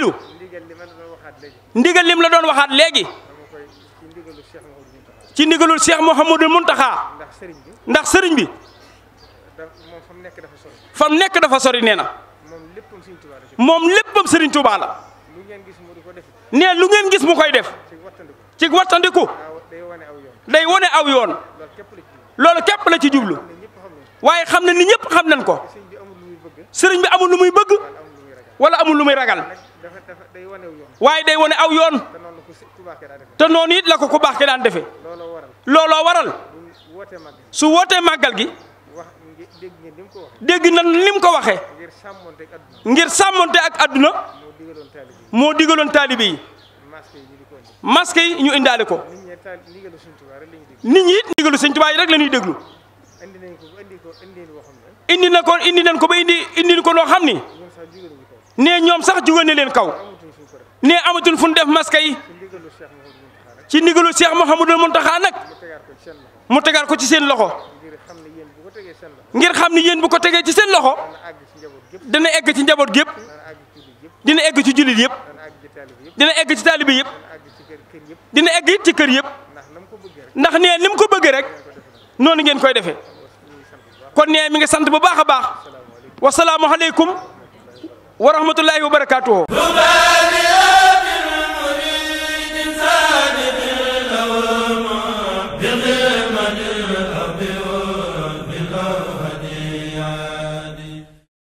fàllilu ndigal lim la doon waxaat léegi ci ndigalul Cheikh Mouhamadul Mountakha ndax sëriñ bi fam nekk dafa sori nee na moom léppam sëriñ Touba la nee lu ngeen gis mu koy def ci wattandiku day wone aw yoon loolu képp la ci jublu waaye xam na ni ñëpp xam nañ ko sëriñ bi amul lu muy bëgg wala amul lu muy ragal waaye day wane aw yoon te noonu it la ko ku baax ki daan defee looloo waral su wootee màggal gi dégg na ni mu ko waxee ngir sàmmonte ak àdduna moo digaloon taalibe yi masque yi ñu indaale ko nit ñi it ndigalu Sëñ Tuubaa yi rek la ñuy déglu indi na ko indi nañ ko ba indi indi ko loo xam ni ne ñoom sax jóge ne leen kaw ne amatul fu ñu def masque yi ci ndigalu Cheikh Mouhamadul a nag mu tegaat ko ci seen loxo ngir xam ni yéen bu ko tegee ci seen loxo dana egg ci njaboot gépp dina egg ci jullit yëpp dina egg ci taalibe yëpp dina egg it ci kër yëpp ndax ne ni mu ko bëggee rek noonu ngeen koy defee kon nee mi ngi sant bu baax a baax wasalaamualeykum. wa rahmatullahi wa barakatuhu